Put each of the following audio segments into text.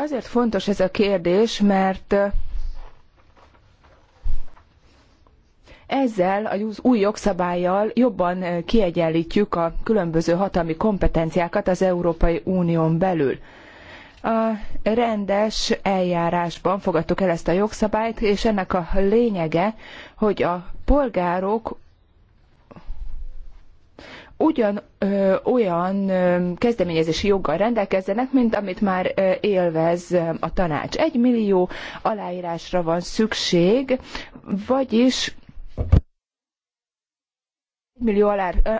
Azért fontos ez a kérdés, mert ezzel az új jogszabályjal jobban kiegyenlítjük a különböző hatalmi kompetenciákat az Európai Unión belül. A rendes eljárásban fogadtuk el ezt a jogszabályt, és ennek a lényege, hogy a polgárok ugyan ö, olyan ö, kezdeményezési joggal rendelkezzenek, mint amit már ö, élvez a tanács. Egy millió aláírásra van szükség, vagyis millió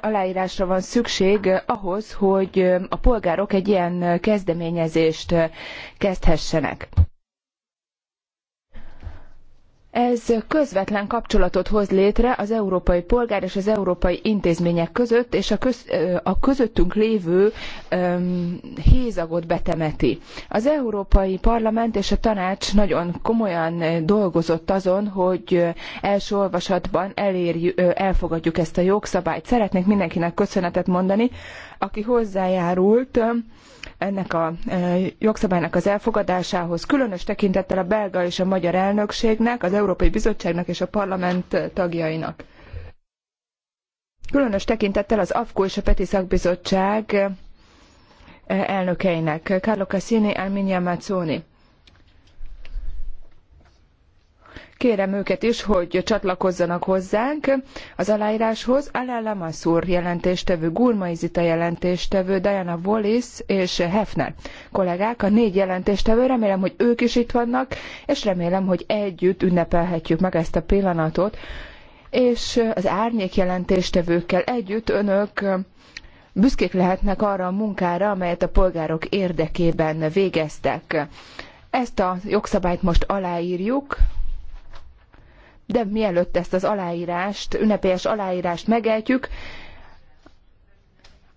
aláírásra van szükség ahhoz, hogy a polgárok egy ilyen kezdeményezést kezdhessenek. Ez közvetlen kapcsolatot hoz létre az európai polgár és az európai intézmények között, és a, köz, a közöttünk lévő um, hézagot betemeti. Az Európai Parlament és a Tanács nagyon komolyan dolgozott azon, hogy első olvasatban elérjük, elfogadjuk ezt a jogszabályt. Szeretnék mindenkinek köszönetet mondani, aki hozzájárult. Um, ennek a e, jogszabálynak az elfogadásához, különös tekintettel a belga és a magyar elnökségnek, az Európai Bizottságnak és a parlament tagjainak. Különös tekintettel az AFKO és a Peti Szakbizottság e, elnökeinek, Carlo Cassini, Arminia Mazzoni. Kérem őket is, hogy csatlakozzanak hozzánk az aláíráshoz. Alá Lamassur jelentéstevő, Gurmai Zita jelentéstevő, Diana Wallis és Hefner kollégák, a négy jelentéstevő. Remélem, hogy ők is itt vannak, és remélem, hogy együtt ünnepelhetjük meg ezt a pillanatot, és az árnyék jelentéstevőkkel együtt önök büszkék lehetnek arra a munkára, amelyet a polgárok érdekében végeztek. Ezt a jogszabályt most aláírjuk, de mielőtt ezt az aláírást, ünnepélyes aláírást megejtjük,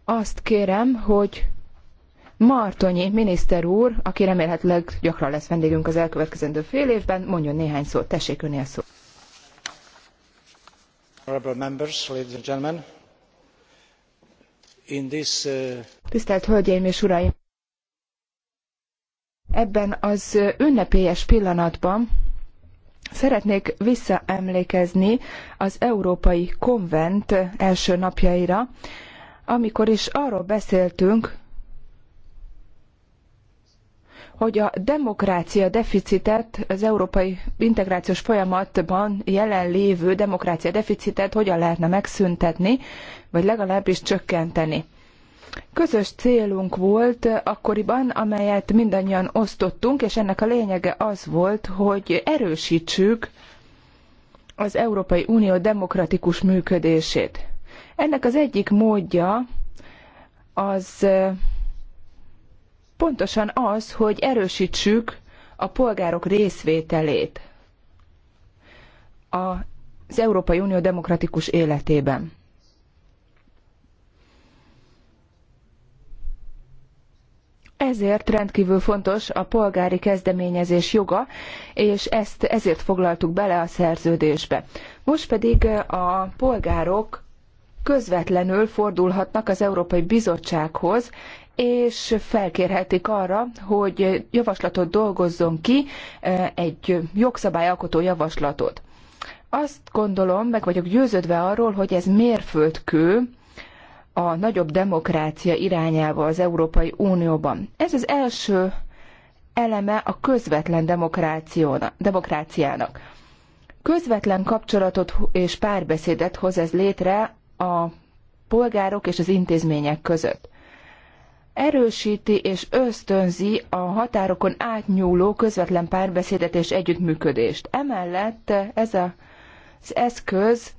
azt kérem, hogy Martonyi miniszter úr, aki remélhetőleg gyakran lesz vendégünk az elkövetkezendő fél évben, mondjon néhány szót. Tessék önél szó. Uh, Tisztelt Hölgyeim és Uraim! Ebben az ünnepélyes pillanatban Szeretnék visszaemlékezni az Európai Konvent első napjaira, amikor is arról beszéltünk, hogy a demokrácia deficitet, az európai integrációs folyamatban jelenlévő demokrácia deficitet hogyan lehetne megszüntetni, vagy legalábbis csökkenteni. Közös célunk volt akkoriban, amelyet mindannyian osztottunk, és ennek a lényege az volt, hogy erősítsük az Európai Unió demokratikus működését. Ennek az egyik módja az pontosan az, hogy erősítsük a polgárok részvételét az Európai Unió demokratikus életében. ezért rendkívül fontos a polgári kezdeményezés joga, és ezt ezért foglaltuk bele a szerződésbe. Most pedig a polgárok közvetlenül fordulhatnak az Európai Bizottsághoz, és felkérhetik arra, hogy javaslatot dolgozzon ki, egy jogszabályalkotó javaslatot. Azt gondolom, meg vagyok győződve arról, hogy ez mérföldkő, a nagyobb demokrácia irányába az Európai Unióban. Ez az első eleme a közvetlen demokráciának. Közvetlen kapcsolatot és párbeszédet hoz ez létre a polgárok és az intézmények között. Erősíti és ösztönzi a határokon átnyúló közvetlen párbeszédet és együttműködést. Emellett ez az eszköz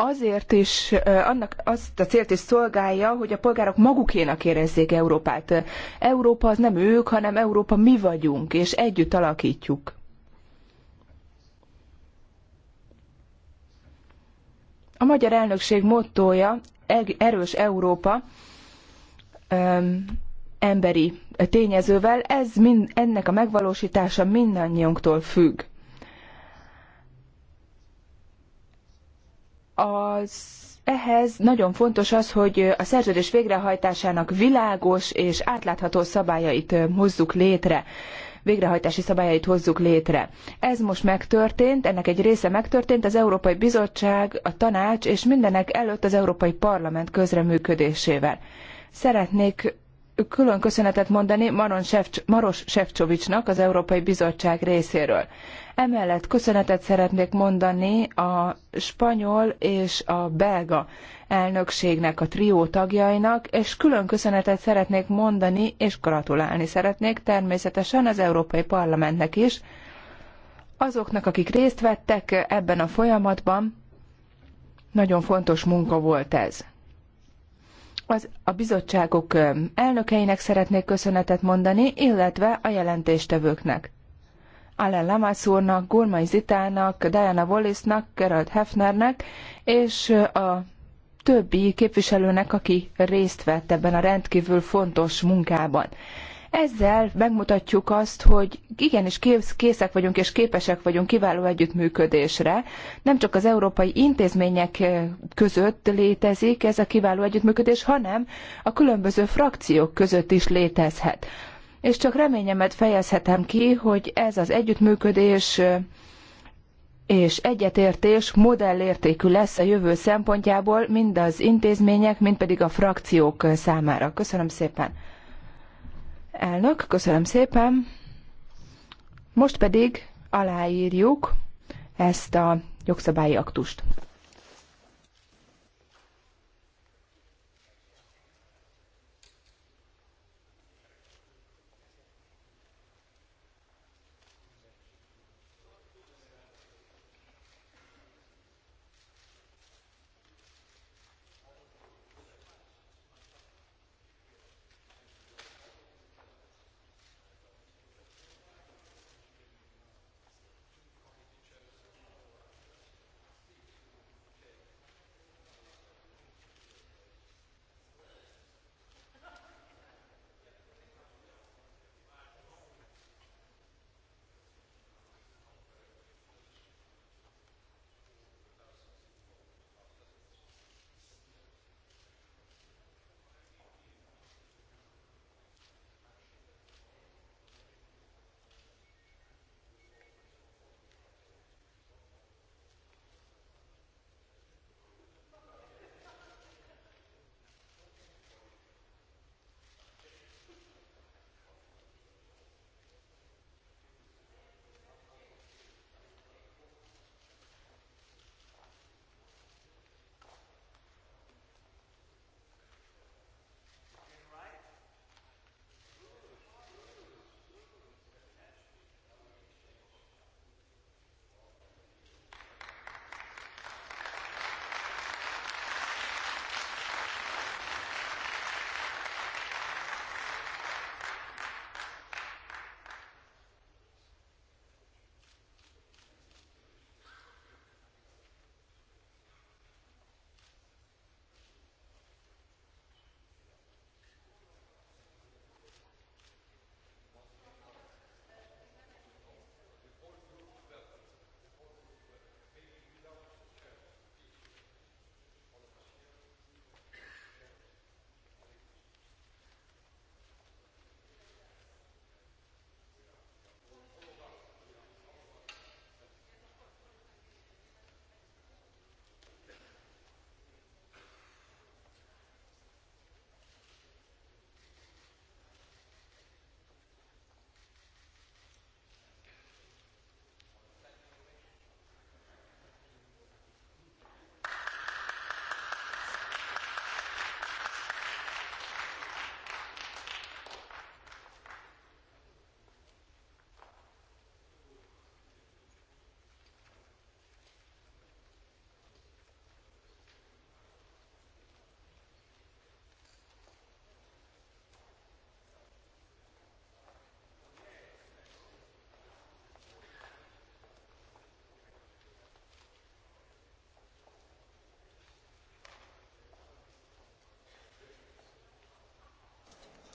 azért is, annak azt a célt is szolgálja, hogy a polgárok magukénak érezzék Európát. Európa az nem ők, hanem Európa mi vagyunk, és együtt alakítjuk. A magyar elnökség mottója erős Európa emberi tényezővel, ez mind, ennek a megvalósítása mindannyiunktól függ. az ehhez nagyon fontos az, hogy a szerződés végrehajtásának világos és átlátható szabályait hozzuk létre végrehajtási szabályait hozzuk létre. Ez most megtörtént, ennek egy része megtörtént, az Európai Bizottság, a tanács és mindenek előtt az Európai Parlament közreműködésével. Szeretnék külön köszönetet mondani Maron Maros Sefcsovicsnak az Európai Bizottság részéről. Emellett köszönetet szeretnék mondani a spanyol és a belga elnökségnek, a trió tagjainak, és külön köszönetet szeretnék mondani, és gratulálni szeretnék természetesen az Európai Parlamentnek is, azoknak, akik részt vettek ebben a folyamatban, nagyon fontos munka volt ez az, a bizottságok elnökeinek szeretnék köszönetet mondani, illetve a jelentéstevőknek. Allen Lamász úrnak, Gurmai Zitának, Diana Wallisnak, Gerald Hefnernek, és a többi képviselőnek, aki részt vett ebben a rendkívül fontos munkában. Ezzel megmutatjuk azt, hogy igenis kész, készek vagyunk és képesek vagyunk kiváló együttműködésre. Nem csak az európai intézmények eh, között létezik ez a kiváló együttműködés, hanem a különböző frakciók között is létezhet. És csak reményemet fejezhetem ki, hogy ez az együttműködés eh, és egyetértés modellértékű lesz a jövő szempontjából mind az intézmények, mind pedig a frakciók eh, számára. Köszönöm szépen! Elnök, köszönöm szépen. Most pedig aláírjuk ezt a jogszabályi aktust.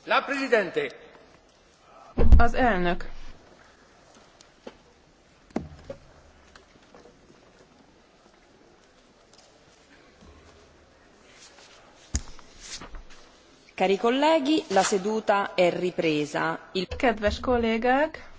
La Presidente. Az elnök. Cari colleghi, la a è a Il... Kedves kollégák,